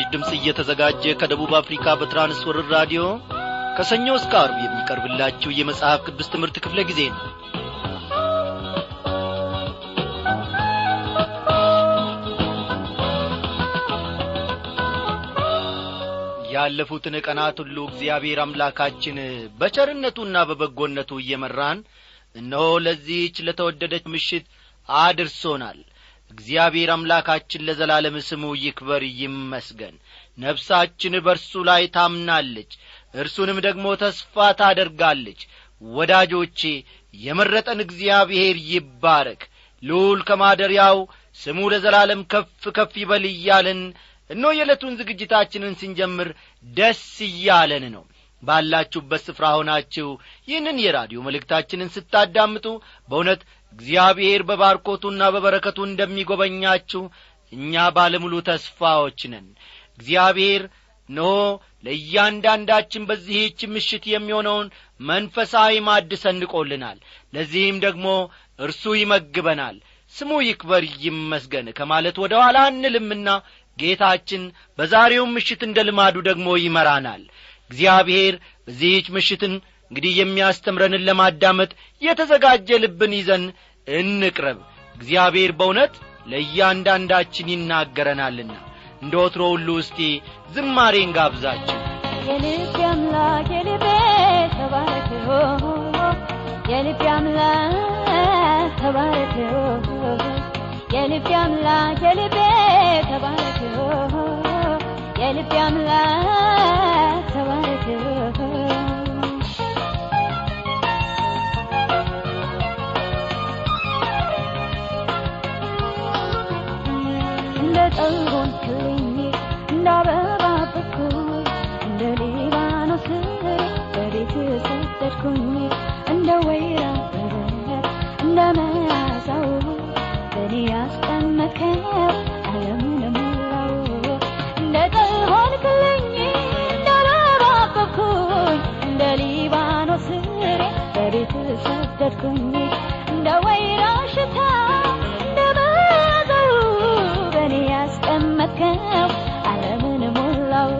ለመስራች ድምፅ እየተዘጋጀ ከደቡብ አፍሪካ በትራንስወርር ራዲዮ ከሰኞ እስከ አርብ የሚቀርብላችሁ የመጽሐፍ ቅዱስ ትምህርት ክፍለ ጊዜ ነው ያለፉትን ቀናት ሁሉ እግዚአብሔር አምላካችን በቸርነቱና በበጎነቱ እየመራን እነሆ ለዚህች ለተወደደች ምሽት አድርሶናል እግዚአብሔር አምላካችን ለዘላለም ስሙ ይክበር ይመስገን ነፍሳችን በርሱ ላይ ታምናለች እርሱንም ደግሞ ተስፋ ታደርጋለች ወዳጆቼ የመረጠን እግዚአብሔር ይባረክ ልዑል ከማደሪያው ስሙ ለዘላለም ከፍ ከፍ ይበል እያልን እኖ የዕለቱን ዝግጅታችንን ስንጀምር ደስ እያለን ነው ባላችሁበት ስፍራ ሆናችሁ ይህንን የራዲዮ መልእክታችንን ስታዳምጡ በእውነት እግዚአብሔር በባርኮቱና በበረከቱ እንደሚጐበኛችሁ እኛ ባለሙሉ ተስፋዎች ነን እግዚአብሔር ኖ ለእያንዳንዳችን በዚህች ምሽት የሚሆነውን መንፈሳዊ ማድ ሰንቆልናል ለዚህም ደግሞ እርሱ ይመግበናል ስሙ ይክበር ይመስገን ከማለት ወደ ኋላ አንልምና ጌታችን በዛሬውም ምሽት እንደ ልማዱ ደግሞ ይመራናል እግዚአብሔር በዚህች ምሽትን እንግዲህ የሚያስተምረንን ለማዳመጥ የተዘጋጀ ልብን ይዘን እንቅረብ እግዚአብሔር በእውነት ለእያንዳንዳችን ይናገረናልና እንደ ወትሮ ሁሉ እስቲ ዝማሬን ጋብዛችን የልቤ አምላክ የልቤ ተባረክ የልቤ አምላክ ተባረክ የልቤ አምላክ የልቤ ተባረክ የልቤ አምላክ كاف على من مولو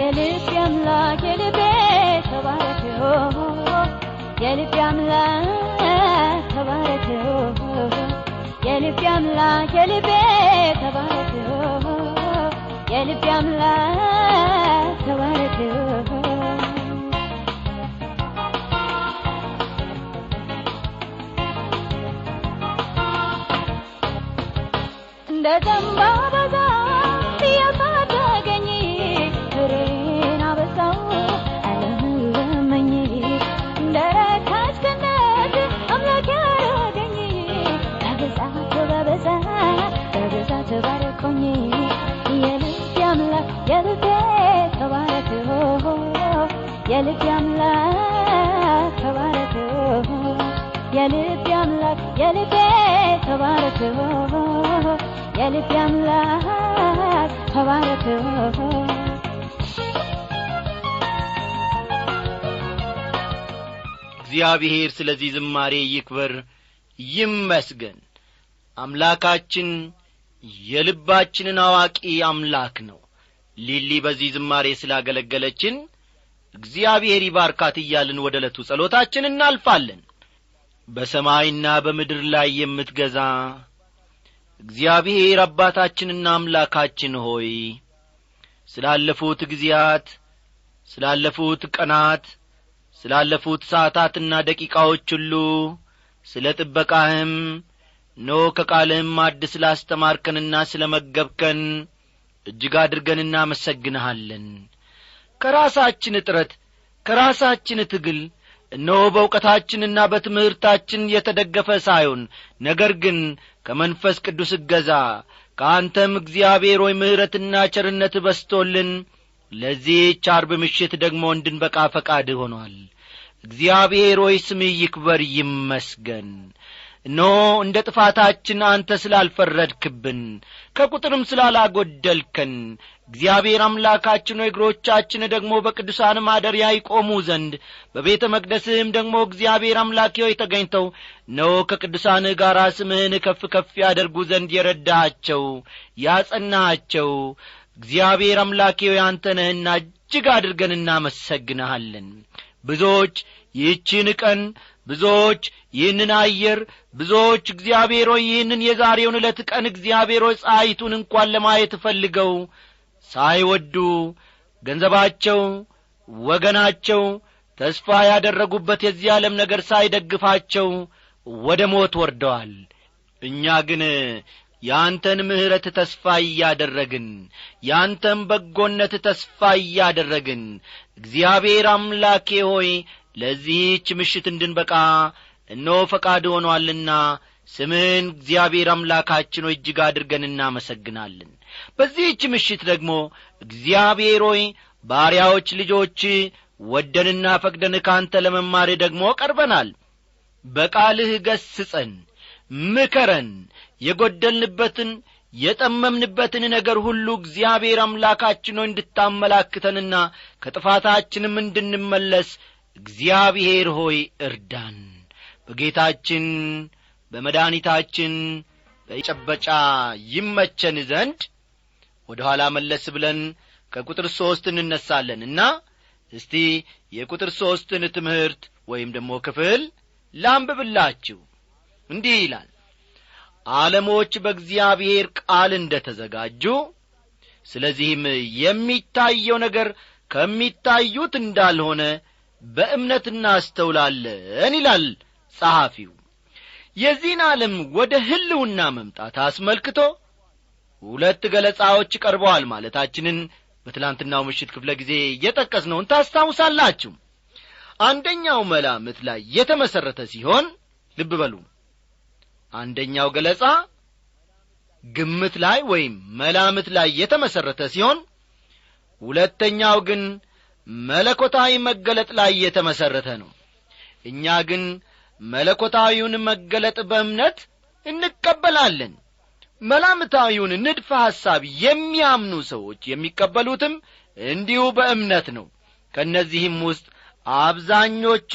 يا ليت يا ملاك يا لبيت تبارك يا ليت يا ملاك تبارك يا ليت يا ملاك يا لبيت تبارك يا ليت يا ملاك تبارك the dumbbell. እግዚአብሔር ስለዚህ ዝማሬ ይክበር ይመስገን አምላካችን የልባችንን አዋቂ አምላክ ነው ሊሊ በዚህ ዝማሬ ስላገለገለችን እግዚአብሔር ይባርካት እያልን ወደ ዕለቱ ጸሎታችን እናልፋለን በሰማይና በምድር ላይ የምትገዛ እግዚአብሔር አባታችንና አምላካችን ሆይ ስላለፉት ጊዜያት ስላለፉት ቀናት ስላለፉት ሰዓታትና ደቂቃዎች ሁሉ ስለ ጥበቃህም ኖ ከቃልህም አድ ስላስተማርከንና ስለ መገብከን እጅግ አድርገን እናመሰግንሃለን ከራሳችን እጥረት ከራሳችን ትግል እነሆ በእውቀታችንና በትምህርታችን የተደገፈ ሳይሆን ነገር ግን ከመንፈስ ቅዱስ እገዛ ከአንተም እግዚአብሔር ወይ ምሕረትና ቸርነት በስቶልን ለዚህች አርብ ምሽት ደግሞ እንድንበቃ ፈቃድ ሆኗል እግዚአብሔር ወይ ስምህ ይክበር ይመስገን እነሆ እንደ ጥፋታችን አንተ ስላልፈረድክብን ከቁጥርም ስላላጐደልከን እግዚአብሔር አምላካችን እግሮቻችን ደግሞ በቅዱሳን ማደሪያ ይቆሙ ዘንድ በቤተ መቅደስህም ደግሞ እግዚአብሔር አምላኬ ሆይ ተገኝተው እነሆ ከቅዱሳን ጋር ስምህን ከፍ ከፍ ያደርጉ ዘንድ የረዳቸው ያጸናቸው እግዚአብሔር አምላኪ ሆይ አንተ ነህና እጅግ አድርገን እናመሰግንሃለን ብዙዎች ይህችን ቀን ብዙዎች ይህንን አየር ብዙዎች እግዚአብሔሮ ይህንን የዛሬውን ዕለት ቀን እግዚአብሔር ጻይቱን ፀሐይቱን እንኳን ለማየት ፈልገው ሳይወዱ ገንዘባቸው ወገናቸው ተስፋ ያደረጉበት የዚህ ዓለም ነገር ሳይደግፋቸው ወደ ሞት ወርደዋል እኛ ግን ያንተን ምሕረት ተስፋ እያደረግን ያንተን በጎነት ተስፋ እያደረግን እግዚአብሔር አምላኬ ሆይ ለዚህች ምሽት እንድንበቃ እኖ ፈቃድ ሆኖአልና ስምህን እግዚአብሔር አምላካችን ሆይ እጅግ አድርገን እናመሰግናለን በዚህች ምሽት ደግሞ እግዚአብሔር ሆይ ባሪያዎች ልጆች ወደንና ፈቅደን ካንተ ለመማር ደግሞ ቀርበናል በቃልህ ገስጸን ምከረን የጐደልንበትን የጠመምንበትን ነገር ሁሉ እግዚአብሔር አምላካችን ሆይ እንድታመላክተንና ከጥፋታችንም እንድንመለስ እግዚአብሔር ሆይ እርዳን በጌታችን በመድኒታችን በጨበጫ ይመቸን ዘንድ ወደ ኋላ መለስ ብለን ከቁጥር ሦስት እና እስቲ የቁጥር ሦስትን ትምህርት ወይም ደግሞ ክፍል ላንብብላችሁ እንዲህ ይላል ዓለሞች በእግዚአብሔር ቃል እንደ ተዘጋጁ ስለዚህም የሚታየው ነገር ከሚታዩት እንዳልሆነ በእምነት እናስተውላለን ይላል ጸሐፊው የዚህን ዓለም ወደ ህልውና መምጣት አስመልክቶ ሁለት ገለጻዎች ቀርበዋል ማለታችንን በትላንትናው ምሽት ክፍለ ጊዜ እየጠቀስ ነውን ታስታውሳላችሁ አንደኛው መላምት ላይ የተመሠረተ ሲሆን ልብ በሉ አንደኛው ገለጻ ግምት ላይ ወይም መላምት ላይ የተመሠረተ ሲሆን ሁለተኛው ግን መለኮታዊ መገለጥ ላይ የተመሠረተ ነው እኛ ግን መለኮታዊውን መገለጥ በእምነት እንቀበላለን መላምታዊውን ንድፈ ሐሳብ የሚያምኑ ሰዎች የሚቀበሉትም እንዲሁ በእምነት ነው ከእነዚህም ውስጥ አብዛኞቹ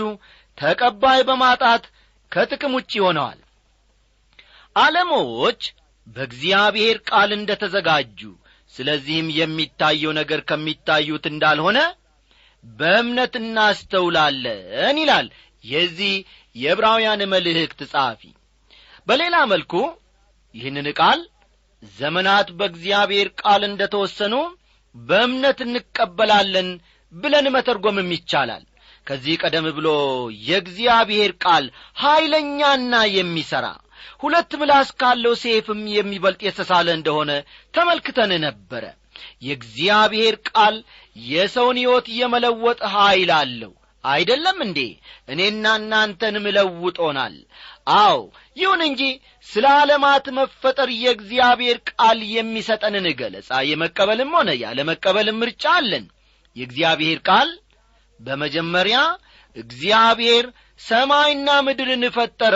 ተቀባይ በማጣት ከጥቅም ውጭ ሆነዋል ዓለሞች በእግዚአብሔር ቃል እንደ ተዘጋጁ ስለዚህም የሚታየው ነገር ከሚታዩት እንዳልሆነ በእምነት እናስተውላለን ይላል የዚህ የዕብራውያን መልእክት ጻፊ በሌላ መልኩ ይህንን ቃል ዘመናት በእግዚአብሔር ቃል እንደ ተወሰኑ በእምነት እንቀበላለን ብለን መተርጎምም ይቻላል ከዚህ ቀደም ብሎ የእግዚአብሔር ቃል ኀይለኛና የሚሠራ ሁለት ምላስ ካለው ሴፍም የሚበልጥ የተሳለ እንደሆነ ተመልክተን ነበረ የእግዚአብሔር ቃል የሰውን ሕይወት የመለወጥ ኀይል አለው አይደለም እንዴ እኔና እናንተን ምለውጦናል አዎ ይሁን እንጂ ስለ ዓለማት መፈጠር የእግዚአብሔር ቃል የሚሰጠንን ገለጻ የመቀበልም ሆነ ያለመቀበልም ምርጫ አለን የእግዚአብሔር ቃል በመጀመሪያ እግዚአብሔር ሰማይና ምድርን ፈጠረ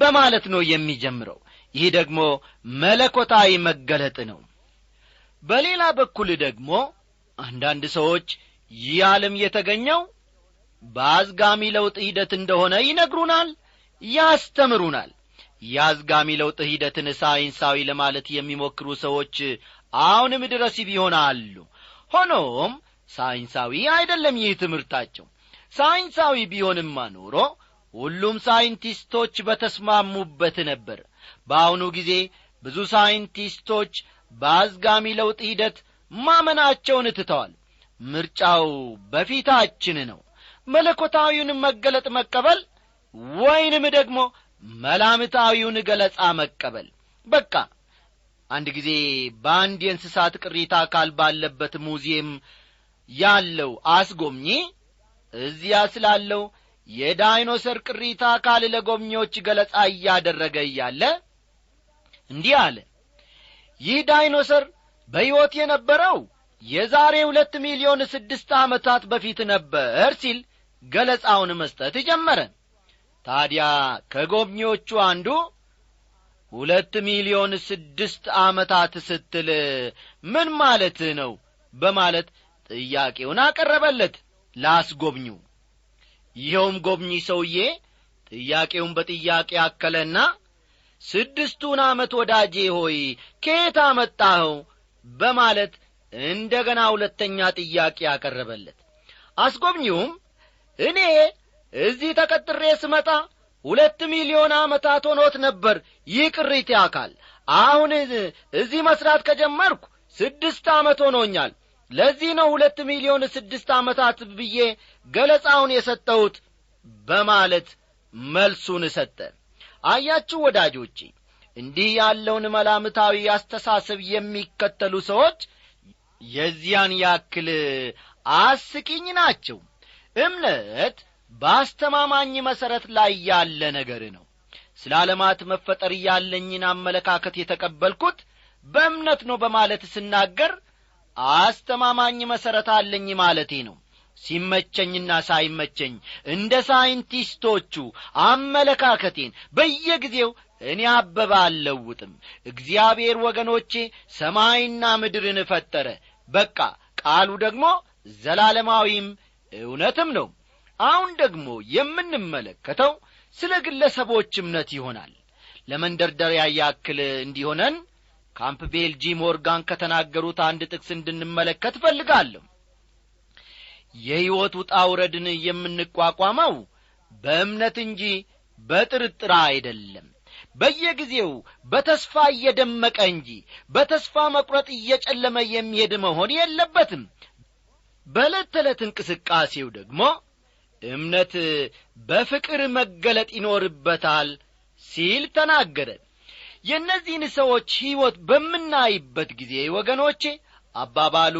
በማለት ነው የሚጀምረው ይህ ደግሞ መለኮታዊ መገለጥ ነው በሌላ በኩል ደግሞ አንዳንድ ሰዎች ይህ ዓለም የተገኘው በአዝጋሚ ለውጥ ሂደት እንደሆነ ይነግሩናል ያስተምሩናል የአዝጋሚ ለውጥ ሂደትን ሳይንሳዊ ለማለት የሚሞክሩ ሰዎች አሁንም ድረስ ይሆናሉ ሆኖም ሳይንሳዊ አይደለም ይህ ትምህርታቸው ሳይንሳዊ ቢሆንማ ኖሮ ሁሉም ሳይንቲስቶች በተስማሙበት ነበር በአሁኑ ጊዜ ብዙ ሳይንቲስቶች በአዝጋሚ ለውጥ ሂደት ማመናቸውን ትተዋል ምርጫው በፊታችን ነው መለኮታዊውን መገለጥ መቀበል ወይንም ደግሞ መላምታዊውን ገለጻ መቀበል በቃ አንድ ጊዜ በአንድ የእንስሳት ቅሪታ አካል ባለበት ሙዚየም ያለው አስጎብኚ እዚያ ስላለው የዳይኖሰር ቅሪታ አካል ለጎብኚዎች ገለጻ እያደረገ እያለ እንዲህ አለ ይህ ዳይኖሰር በሕይወት የነበረው የዛሬ ሁለት ሚሊዮን ስድስት ዓመታት በፊት ነበር ሲል ገለጻውን መስጠት ጀመረ ታዲያ ከጎብኚዎቹ አንዱ ሁለት ሚሊዮን ስድስት ዓመታት ስትል ምን ማለት ነው በማለት ጥያቄውን አቀረበለት ላስጎብኙ ይኸውም ጐብኚ ሰውዬ ጥያቄውን በጥያቄ አከለና ስድስቱን ዓመት ወዳጄ ሆይ ከየት አመጣኸው በማለት እንደ ገና ሁለተኛ ጥያቄ ያቀረበለት አስጐብኚውም እኔ እዚህ ተቀጥሬ ስመጣ ሁለት ሚሊዮን ዓመታት ሆኖት ነበር ይህ ቅሪቴ አካል አሁን እዚህ መሥራት ከጀመርኩ ስድስት ዓመት ሆኖኛል ለዚህ ነው ሁለት ሚሊዮን ስድስት ዓመታት ብዬ ገለጻውን የሰጠሁት በማለት መልሱን እሰጠ አያችሁ ወዳጆቼ እንዲህ ያለውን መላምታዊ አስተሳሰብ የሚከተሉ ሰዎች የዚያን ያክል አስቂኝ ናቸው እምነት በአስተማማኝ መሠረት ላይ ያለ ነገር ነው ስለ ዓለማት መፈጠር ያለኝን አመለካከት የተቀበልኩት በእምነት ነው በማለት ስናገር አስተማማኝ መሠረት አለኝ ማለቴ ነው ሲመቸኝና ሳይመቸኝ እንደ ሳይንቲስቶቹ አመለካከቴን በየጊዜው እኔ አበባ አልለውጥም እግዚአብሔር ወገኖቼ ሰማይና ምድርን ፈጠረ በቃ ቃሉ ደግሞ ዘላለማዊም እውነትም ነው አሁን ደግሞ የምንመለከተው ስለ ግለሰቦች እምነት ይሆናል ለመንደርደሪያ ያክል እንዲሆነን ካምፕ ቤልጂ ሞርጋን ከተናገሩት አንድ ጥቅስ እንድንመለከት እፈልጋለሁ የሕይወት ውጣ ውረድን የምንቋቋመው በእምነት እንጂ በጥርጥር አይደለም በየጊዜው በተስፋ እየደመቀ እንጂ በተስፋ መቁረጥ እየጨለመ የሚሄድ መሆን የለበትም በዕለት ተዕለት እንቅስቃሴው ደግሞ እምነት በፍቅር መገለጥ ይኖርበታል ሲል ተናገረ የእነዚህን ሰዎች ሕይወት በምናይበት ጊዜ ወገኖቼ አባባሉ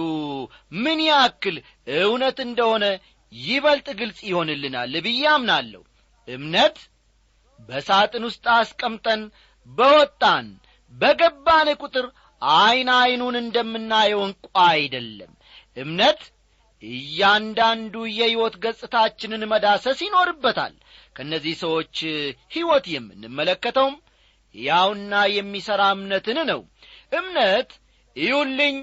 ምን ያክል እውነት እንደሆነ ይበልጥ ግልጽ ይሆንልናል ብዬ አምናለሁ እምነት በሳጥን ውስጥ አስቀምጠን በወጣን በገባን ቁጥር ዐይን ዐይኑን እንደምናየው እንቋ አይደለም እምነት እያንዳንዱ የሕይወት ገጽታችንን መዳሰስ ይኖርበታል ከእነዚህ ሰዎች ሕይወት የምንመለከተውም ያውና የሚሠራ እምነትን ነው እምነት ይሁልኝ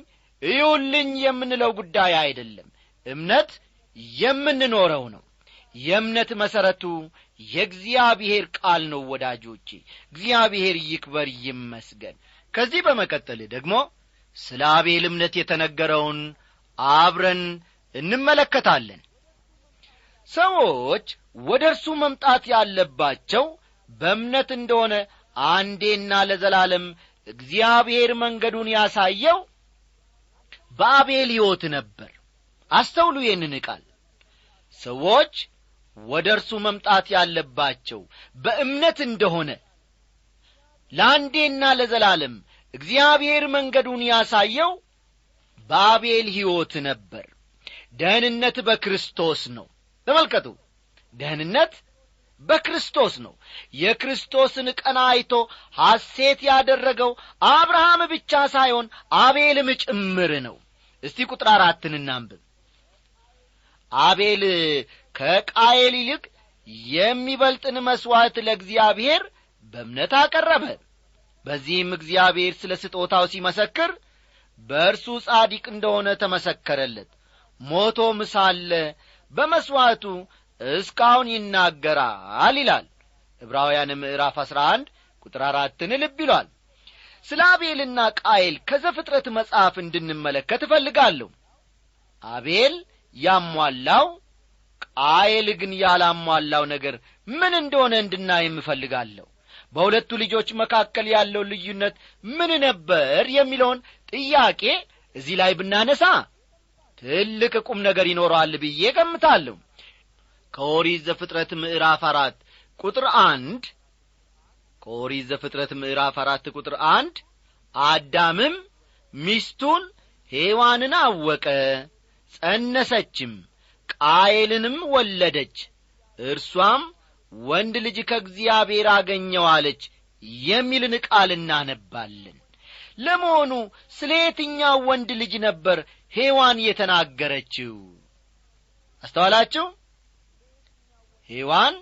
እዩልኝ የምንለው ጉዳይ አይደለም እምነት የምንኖረው ነው የእምነት መሠረቱ የእግዚአብሔር ቃል ነው ወዳጆቼ እግዚአብሔር ይክበር ይመስገን ከዚህ በመቀጠል ደግሞ ስለ አቤል እምነት የተነገረውን አብረን እንመለከታለን ሰዎች ወደ እርሱ መምጣት ያለባቸው በእምነት እንደሆነ አንዴና ለዘላለም እግዚአብሔር መንገዱን ያሳየው በአቤል ሕይወት ነበር አስተውሉ ይህንን ቃል ሰዎች ወደ እርሱ መምጣት ያለባቸው በእምነት እንደሆነ ለአንዴና ለዘላለም እግዚአብሔር መንገዱን ያሳየው በአቤል ሕይወት ነበር ደህንነት በክርስቶስ ነው ተመልከቱ ደህንነት በክርስቶስ ነው የክርስቶስን ቀና አይቶ ሐሴት ያደረገው አብርሃም ብቻ ሳይሆን አቤልም ጭምር ነው እስቲ ቁጥር አራትን እናንብብ አቤል ከቃየል ይልቅ የሚበልጥን መሥዋዕት ለእግዚአብሔር በእምነት አቀረበ በዚህም እግዚአብሔር ስለ ስጦታው ሲመሰክር በእርሱ ጻዲቅ እንደሆነ ተመሰከረለት ሞቶም ሳለ በመሥዋዕቱ እስካሁን ይናገራል ይላል ዕብራውያን ምዕራፍ አሥራ አንድ ቁጥር አራትን ልብ ይሏል ስለ አቤልና ቃየል ከዘፍጥረት መጽሐፍ እንድንመለከት እፈልጋለሁ አቤል ያሟላው ቃየል ግን ያላሟላው ነገር ምን እንደሆነ እንድናይ እፈልጋለሁ በሁለቱ ልጆች መካከል ያለው ልዩነት ምን ነበር የሚለውን ጥያቄ እዚህ ላይ ብናነሳ ትልቅ ቁም ነገር ይኖረዋል ብዬ ገምታለሁ ከኦሪት ዘፍጥረት ምዕራፍ አራት ቁጥር አንድ ከኦሪት ዘፍጥረት ምዕራፍ አራት ቁጥር አንድ አዳምም ሚስቱን ሔዋንን አወቀ ጸነሰችም ቃየልንም ወለደች እርሷም ወንድ ልጅ ከእግዚአብሔር አገኘዋለች የሚልን ቃል እናነባለን ለመሆኑ ስለ የትኛው ወንድ ልጅ ነበር ሔዋን የተናገረችው አስተዋላችሁ ሔዋን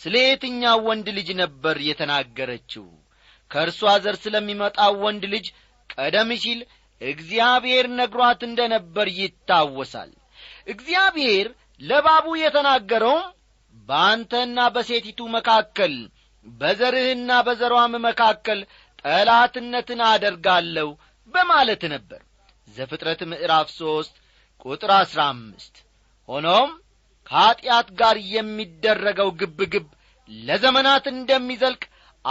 ስለ የትኛው ወንድ ልጅ ነበር የተናገረችው ከእርሷ ዘር ስለሚመጣው ወንድ ልጅ ቀደም ሲል እግዚአብሔር ነግሯት እንደ ነበር ይታወሳል እግዚአብሔር ለባቡ የተናገረውም በአንተና በሴቲቱ መካከል በዘርህና በዘሯም መካከል ጠላትነትን አደርጋለሁ በማለት ነበር ዘፍጥረት ምዕራፍ ሦስት ቁጥር አሥራ አምስት ሆኖም ከኀጢአት ጋር የሚደረገው ግብግብ ለዘመናት እንደሚዘልቅ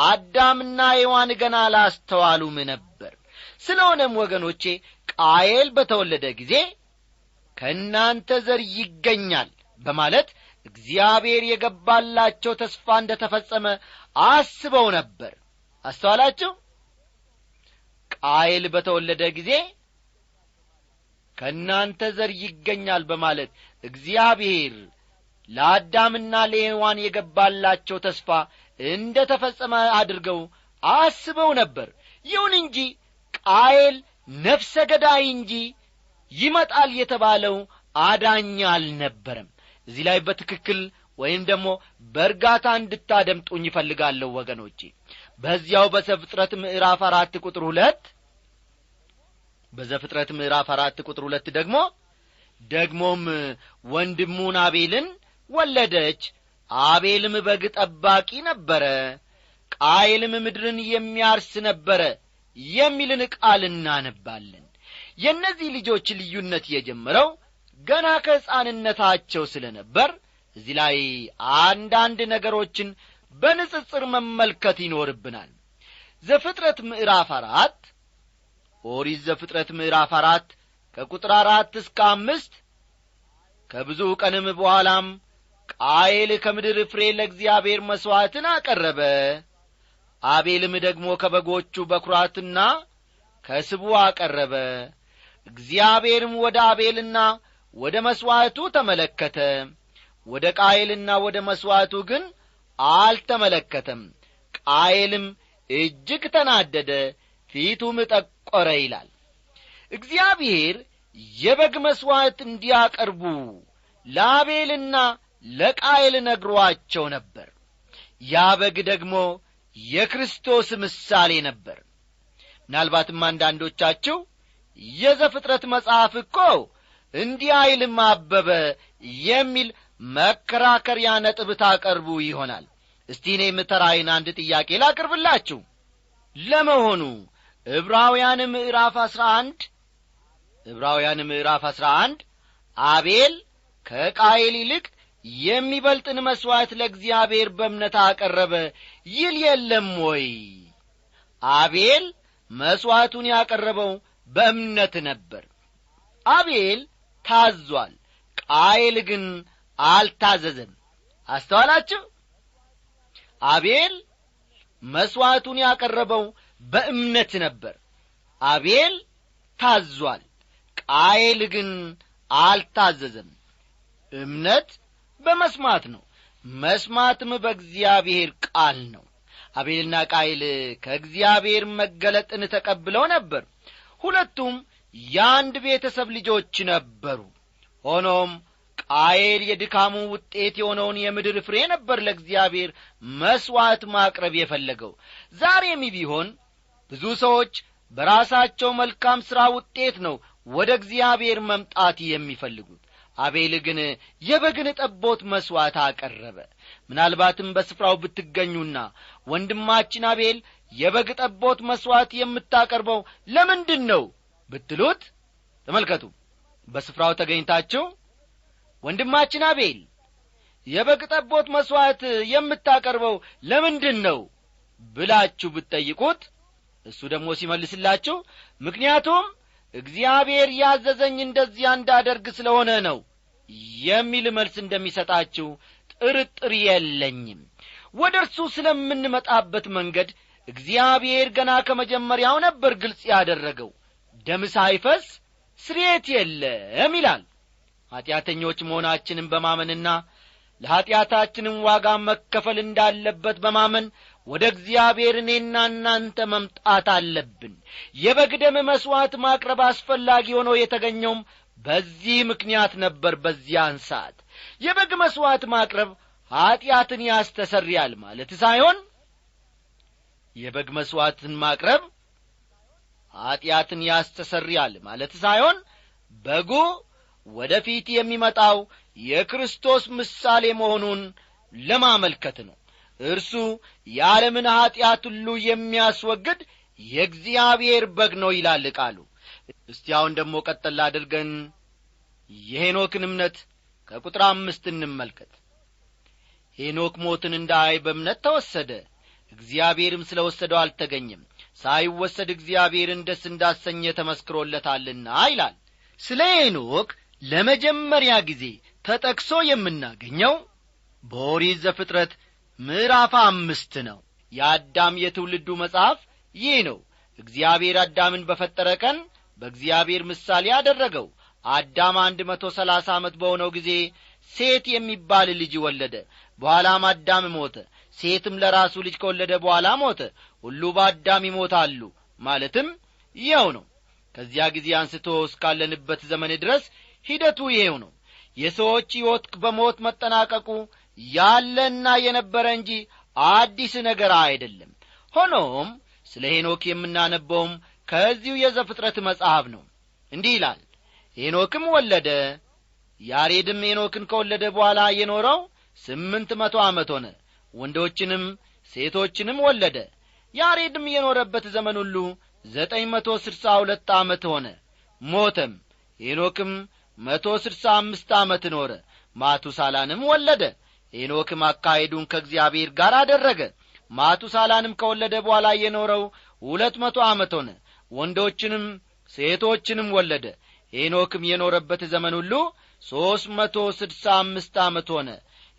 አዳምና ሔዋን ገና አላስተዋሉም ነበር ስለሆነም ወገኖቼ ቃየል በተወለደ ጊዜ ከእናንተ ዘር ይገኛል በማለት እግዚአብሔር የገባላቸው ተስፋ እንደ ተፈጸመ አስበው ነበር አስተዋላችሁ ቃየል በተወለደ ጊዜ ከእናንተ ዘር ይገኛል በማለት እግዚአብሔር ለአዳምና ለሔዋን የገባላቸው ተስፋ እንደ ተፈጸመ አድርገው አስበው ነበር ይሁን እንጂ ቃየል ነፍሰ ገዳይ እንጂ ይመጣል የተባለው አዳኝ አልነበረም እዚህ ላይ በትክክል ወይም ደግሞ በእርጋታ እንድታደምጡኝ ይፈልጋለሁ ወገኖቼ በዚያው በዘፍጥረት ምዕራፍ አራት ቁጥር ሁለት በዘፍጥረት ምዕራፍ አራት ቁጥር ሁለት ደግሞ ደግሞም ወንድሙን አቤልን ወለደች አቤልም በግ ጠባቂ ነበረ ቃይልም ምድርን የሚያርስ ነበረ የሚልን ቃል እናነባለን የእነዚህ ልጆች ልዩነት የጀመረው ገና ከሕፃንነታቸው ስለ ነበር እዚህ ላይ አንዳንድ ነገሮችን በንጽጽር መመልከት ይኖርብናል ዘፍጥረት ምዕራፍ አራት ኦሪት ዘፍጥረት ምዕራፍ አራት ከቁጥር አራት እስከ አምስት ከብዙ ቀንም በኋላም ቃኤል ከምድር ፍሬ ለእግዚአብሔር መሥዋዕትን አቀረበ አቤልም ደግሞ ከበጎቹ በኵራትና ከስቡ አቀረበ እግዚአብሔርም ወደ አቤልና ወደ መሥዋዕቱ ተመለከተ ወደ ቃኤልና ወደ መሥዋዕቱ ግን አልተመለከተም ቃኤልም እጅግ ተናደደ ፊቱም ቆጠረ ይላል እግዚአብሔር የበግ መሥዋዕት እንዲያቀርቡ ለአቤልና ለቃየል ነግሮአቸው ነበር ያ በግ ደግሞ የክርስቶስ ምሳሌ ነበር ምናልባትም አንዳንዶቻችሁ የዘፍጥረት መጽሐፍ እኮ እንዲህ አይልም አበበ የሚል መከራከሪያ ነጥብ ታቀርቡ ይሆናል እስቲ እኔ ምተራይን አንድ ጥያቄ ላቅርብላችሁ ለመሆኑ ዕብራውያን ምዕራፍ አሥራ አንድ ዕብራውያን ምዕራፍ አሥራ አንድ አቤል ከቃይል ይልቅ የሚበልጥን መሥዋዕት ለእግዚአብሔር በእምነት አቀረበ ይል የለም ወይ አቤል መሥዋዕቱን ያቀረበው በእምነት ነበር አቤል ታዟል ቃይል ግን አልታዘዘም አስተዋላችሁ አቤል መሥዋዕቱን ያቀረበው በእምነት ነበር አቤል ታዟል ቃየል ግን አልታዘዘም እምነት በመስማት ነው መስማትም በእግዚአብሔር ቃል ነው አቤልና ቃይል ከእግዚአብሔር መገለጥን ተቀብለው ነበር ሁለቱም የአንድ ቤተሰብ ልጆች ነበሩ ሆኖም ቃየል የድካሙ ውጤት የሆነውን የምድር ፍሬ ነበር ለእግዚአብሔር መሥዋዕት ማቅረብ የፈለገው ዛሬም ቢሆን ብዙ ሰዎች በራሳቸው መልካም ሥራ ውጤት ነው ወደ እግዚአብሔር መምጣት የሚፈልጉት አቤል ግን የበግን ጠቦት መሥዋዕት አቀረበ ምናልባትም በስፍራው ብትገኙና ወንድማችን አቤል የበግ ጠቦት መሥዋዕት የምታቀርበው ለምንድን ነው ብትሉት ተመልከቱ በስፍራው ተገኝታችሁ ወንድማችን አቤል የበግ ጠቦት መሥዋዕት የምታቀርበው ለምንድን ነው ብላችሁ ብትጠይቁት እሱ ደግሞ ሲመልስላችሁ ምክንያቱም እግዚአብሔር ያዘዘኝ እንደዚያ እንዳደርግ ስለሆነ ነው የሚል መልስ እንደሚሰጣችሁ ጥርጥር የለኝም ወደ እርሱ ስለምንመጣበት መንገድ እግዚአብሔር ገና ከመጀመሪያው ነበር ግልጽ ያደረገው ደም ሳይፈስ ስርየት የለም ይላል ኀጢአተኞች መሆናችንን በማመንና ለኀጢአታችንም ዋጋ መከፈል እንዳለበት በማመን ወደ እግዚአብሔር እኔና እናንተ መምጣት አለብን የበግ ደም መሥዋዕት ማቅረብ አስፈላጊ ሆኖ የተገኘውም በዚህ ምክንያት ነበር በዚያን ሰዓት የበግ መሥዋዕት ማቅረብ ኀጢአትን ያስተሰርያል ማለት ሳይሆን የበግ መሥዋዕትን ማቅረብ ኀጢአትን ያስተሰርያል ማለት ሳይሆን በጉ ወደ ፊት የሚመጣው የክርስቶስ ምሳሌ መሆኑን ለማመልከት ነው እርሱ የዓለምን ኀጢአት ሁሉ የሚያስወግድ የእግዚአብሔር በግ ነው ይላል ቃሉ እስቲያውን ደሞ ደግሞ ቀጠል አድርገን የሄኖክን እምነት ከቁጥር አምስት እንመልከት ሄኖክ ሞትን እንዳይ በእምነት ተወሰደ እግዚአብሔርም ስለ ወሰደው አልተገኘም ሳይወሰድ እግዚአብሔርን ደስ እንዳሰኘ ተመስክሮለታልና ይላል ስለ ሄኖክ ለመጀመሪያ ጊዜ ተጠቅሶ የምናገኘው በኦሪት ዘፍጥረት ምዕራፍ አምስት ነው የአዳም የትውልዱ መጽሐፍ ይህ ነው እግዚአብሔር አዳምን በፈጠረ ቀን በእግዚአብሔር ምሳሌ አደረገው አዳም አንድ መቶ ሰላሳ ዓመት በሆነው ጊዜ ሴት የሚባል ልጅ ወለደ በኋላም አዳም ሞተ ሴትም ለራሱ ልጅ ከወለደ በኋላ ሞተ ሁሉ በአዳም ይሞታሉ ማለትም ይኸው ነው ከዚያ ጊዜ አንስቶ እስካለንበት ዘመን ድረስ ሂደቱ ይኸው ነው የሰዎች ሕይወት በሞት መጠናቀቁ ያለና የነበረ እንጂ አዲስ ነገር አይደለም ሆኖም ስለ ሄኖክ የምናነበውም ከዚሁ የዘፍጥረት መጽሐፍ ነው እንዲህ ይላል ሄኖክም ወለደ ያሬድም ሄኖክን ከወለደ በኋላ የኖረው ስምንት መቶ ዓመት ሆነ ወንዶችንም ሴቶችንም ወለደ ያሬድም የኖረበት ዘመን ሁሉ ዘጠኝ መቶ ስድሳ ሁለት ዓመት ሆነ ሞተም ሄኖክም መቶ ስድሳ አምስት ዓመት ኖረ ማቱሳላንም ወለደ ኤኖክም አካሄዱን ከእግዚአብሔር ጋር አደረገ ማቱሳላንም ከወለደ በኋላ የኖረው ሁለት መቶ ዓመት ሆነ ወንዶችንም ሴቶችንም ወለደ ሄኖክም የኖረበት ዘመን ሁሉ ሦስት መቶ ስድሳ አምስት ዓመት ሆነ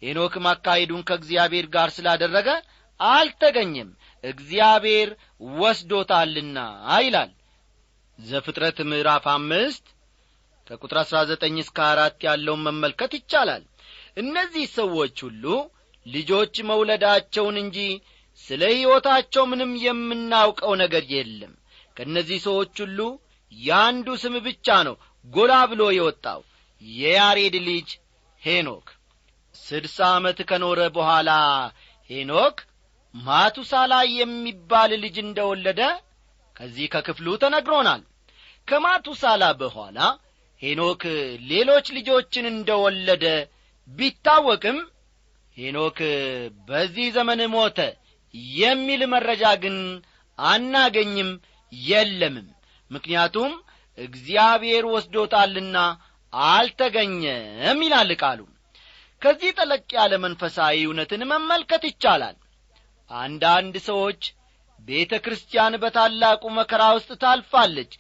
ሄኖክም አካሄዱን ከእግዚአብሔር ጋር ስላደረገ አልተገኘም እግዚአብሔር ወስዶታልና ይላል ዘፍጥረት ምዕራፍ አምስት ከቁጥር አሥራ ዘጠኝ እስከ አራት ያለውን መመልከት ይቻላል እነዚህ ሰዎች ሁሉ ልጆች መውለዳቸውን እንጂ ስለ ሕይወታቸው ምንም የምናውቀው ነገር የለም ከእነዚህ ሰዎች ሁሉ የአንዱ ስም ብቻ ነው ጎላ ብሎ የወጣው የያሬድ ልጅ ሄኖክ ስድሳ ዓመት ከኖረ በኋላ ሄኖክ ማቱሳላ የሚባል ልጅ እንደወለደ ከዚህ ከክፍሉ ተነግሮናል ከማቱሳላ በኋላ ሄኖክ ሌሎች ልጆችን እንደወለደ ቢታወቅም ሄኖክ በዚህ ዘመን ሞተ የሚል መረጃ ግን አናገኝም የለምም ምክንያቱም እግዚአብሔር ወስዶታልና አልተገኘም ይላል ቃሉ ከዚህ ጠለቅ ያለ መንፈሳዊ እውነትን መመልከት ይቻላል አንዳንድ ሰዎች ቤተ ክርስቲያን በታላቁ መከራ ውስጥ ታልፋለች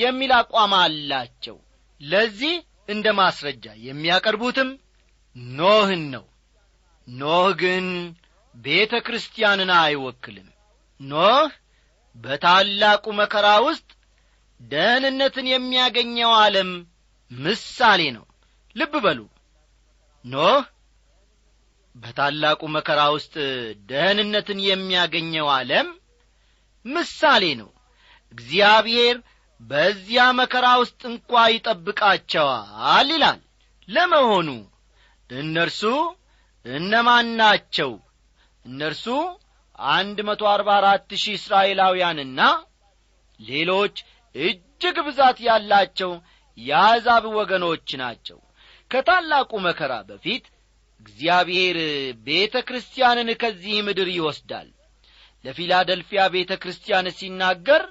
የሚል አቋም አላቸው ለዚህ እንደ ማስረጃ የሚያቀርቡትም ኖህን ነው ኖህ ግን ቤተ ክርስቲያንን አይወክልም ኖህ በታላቁ መከራ ውስጥ ደህንነትን የሚያገኘው ዓለም ምሳሌ ነው ልብ በሉ ኖህ በታላቁ መከራ ውስጥ ደህንነትን የሚያገኘው ዓለም ምሳሌ ነው እግዚአብሔር በዚያ መከራ ውስጥ እንኳ ይጠብቃቸዋል ይላል ለመሆኑ እነርሱ እነማን ናቸው እነርሱ አንድ መቶ አርባ አራት ሺህ እስራኤላውያንና ሌሎች እጅግ ብዛት ያላቸው የአሕዛብ ወገኖች ናቸው ከታላቁ መከራ በፊት እግዚአብሔር ቤተ ክርስቲያንን ከዚህ ምድር ይወስዳል ለፊላደልፊያ ቤተ ክርስቲያን ሲናገር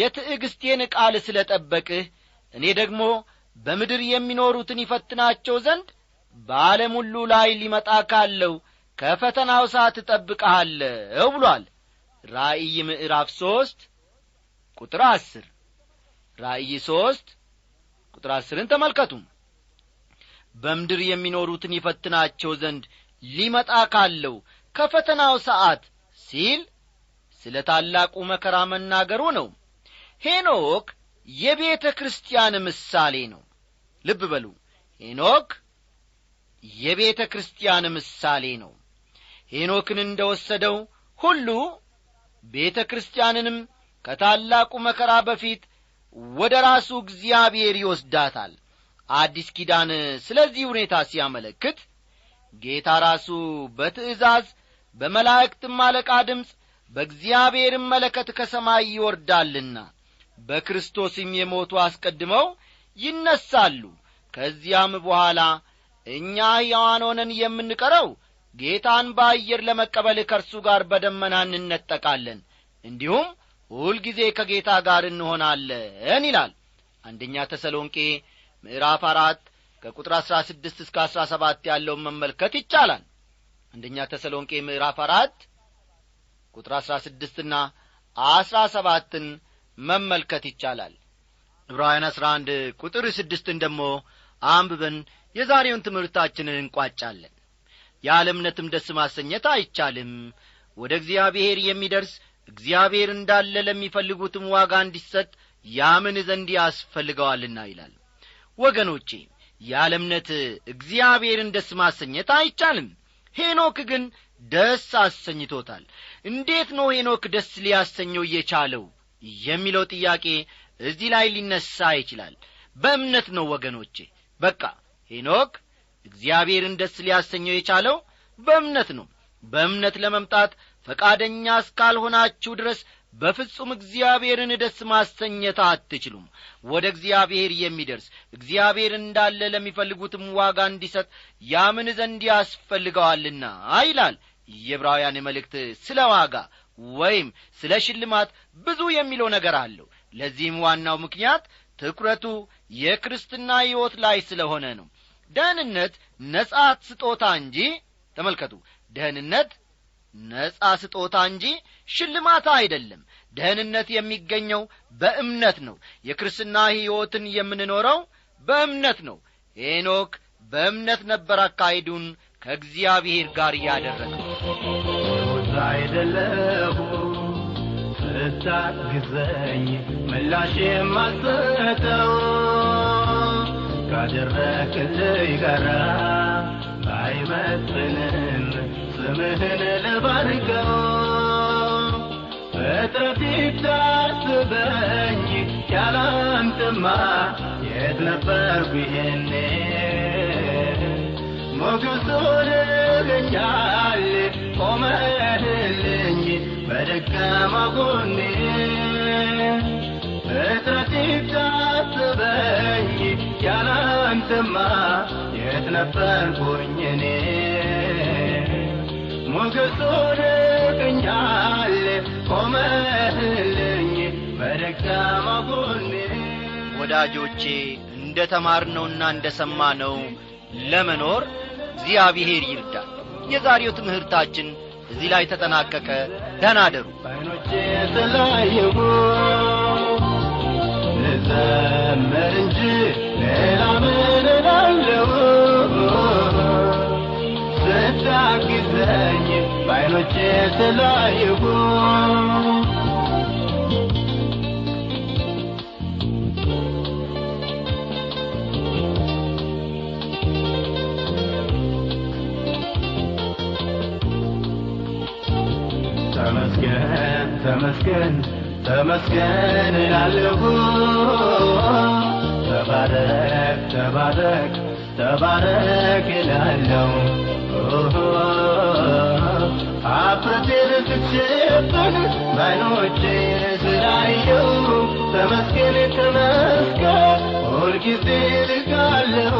የትዕግሥቴን ቃል ስለ ጠበቅህ እኔ ደግሞ በምድር የሚኖሩትን ይፈትናቸው ዘንድ በዓለም ሁሉ ላይ ሊመጣ ካለው ከፈተናው ሰዓት እጠብቀሃለሁ ብሏል ራእይ ምዕራፍ ሦስት ቁጥር አስር ራእይ ሦስት ቁጥር አስርን ተመልከቱ በምድር የሚኖሩትን ይፈትናቸው ዘንድ ሊመጣ ካለው ከፈተናው ሰዓት ሲል ስለ ታላቁ መከራ መናገሩ ነው ሄኖክ የቤተ ክርስቲያን ምሳሌ ነው ልብ በሉ ሄኖክ የቤተ ክርስቲያን ምሳሌ ነው ሄኖክን እንደ ወሰደው ሁሉ ቤተ ክርስቲያንንም ከታላቁ መከራ በፊት ወደ ራሱ እግዚአብሔር ይወስዳታል አዲስ ኪዳን ስለዚህ ሁኔታ ሲያመለክት ጌታ ራሱ በትእዛዝ በመላእክትም አለቃ ድምፅ በእግዚአብሔርም መለከት ከሰማይ ይወርዳልና በክርስቶስም የሞቱ አስቀድመው ይነሳሉ ከዚያም በኋላ እኛ ሕያዋን ሆነን የምንቀረው ጌታን በአየር ለመቀበል ከእርሱ ጋር በደመና እንነጠቃለን እንዲሁም ሁልጊዜ ከጌታ ጋር እንሆናለን ይላል አንደኛ ተሰሎንቄ ምዕራፍ አራት ከቁጥር አሥራ ስድስት እስከ አሥራ ሰባት ያለውን መመልከት ይቻላል አንደኛ ተሰሎንቄ ምዕራፍ አራት ቁጥር አሥራ ስድስትና አሥራ ሰባትን መመልከት ይቻላል ዕብራውያን አሥራ አንድ ቁጥር ስድስትን ደሞ አንብበን የዛሬውን ትምህርታችንን እንቋጫለን ያለ እምነትም ደስ ማሰኘት አይቻልም ወደ እግዚአብሔር የሚደርስ እግዚአብሔር እንዳለ ለሚፈልጉትም ዋጋ እንዲሰጥ ያምን ዘንድ ያስፈልገዋልና ይላል ወገኖቼ ያለ እምነት እግዚአብሔርን ደስ ማሰኘት አይቻልም ሄኖክ ግን ደስ አሰኝቶታል እንዴት ነው ሄኖክ ደስ ሊያሰኘው እየቻለው የሚለው ጥያቄ እዚህ ላይ ሊነሳ ይችላል በእምነት ነው ወገኖቼ በቃ ሄኖክ እግዚአብሔርን ደስ ሊያሰኘው የቻለው በእምነት ነው በእምነት ለመምጣት ፈቃደኛ እስካልሆናችሁ ድረስ በፍጹም እግዚአብሔርን ደስ ማሰኘት አትችሉም ወደ እግዚአብሔር የሚደርስ እግዚአብሔር እንዳለ ለሚፈልጉትም ዋጋ እንዲሰጥ ያምን ዘንድ ያስፈልገዋልና አይላል የብራውያን መልእክት ስለ ዋጋ ወይም ስለ ሽልማት ብዙ የሚለው ነገር አለው ለዚህም ዋናው ምክንያት ትኩረቱ የክርስትና ሕይወት ላይ ስለሆነ ነው ደህንነት ነጻ ስጦታ እንጂ ተመልከቱ ደህንነት ነጻ ስጦታ እንጂ ሽልማት አይደለም ደህንነት የሚገኘው በእምነት ነው የክርስትና ሕይወትን የምንኖረው በእምነት ነው ሄኖክ በእምነት ነበር አካሄዱን ከእግዚአብሔር ጋር ያደረገው ስታግዘኝ ምላሽ የማልሰጠው ካደረክልኝ ጋራ ባይመጥንም ስምህን ልባርከው ፍጥረት ይታስበኝ ያላንተማ የት ነበርኩ ይሄኔ ሞገሶልኛል ቆመህልኝ በደካማ ጎኔ ፍጥረት ይታስበኝ ያለ አንተማ የት ነበርኩኝ እኔ ሞገሱን ቅኛል ቆመህልኝ በደካማ ጎኔ ወዳጆቼ እንደ ተማርነውና እንደ ለመኖር እግዚአብሔር ይርዳል የዛሬው ትምህርታችን እዚህ ላይ ተጠናቀቀ ደናደሩ በዓይኖቼ ተለያየሁ መዘመር እንጂ ሌላ ምን እላለሁ? ስታግዘኝ በዓይኖቼ ተለያዩ ተመስገን ተመስገን ተመስገን እላለሁ ተባረክ ተባረክ ተባረክ እላለሁ አፍረቴን ትቼብን ባይኖቼ ስላየው ተመስገን ተመስገን ሁልጊዜ ልካለሁ